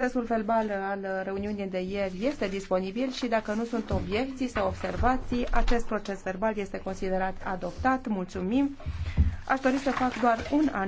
Procesul verbal al reuniunii de ieri este disponibil și dacă nu sunt obiecții sau observații, acest proces verbal este considerat adoptat. Mulțumim! Aș dori să fac doar un an.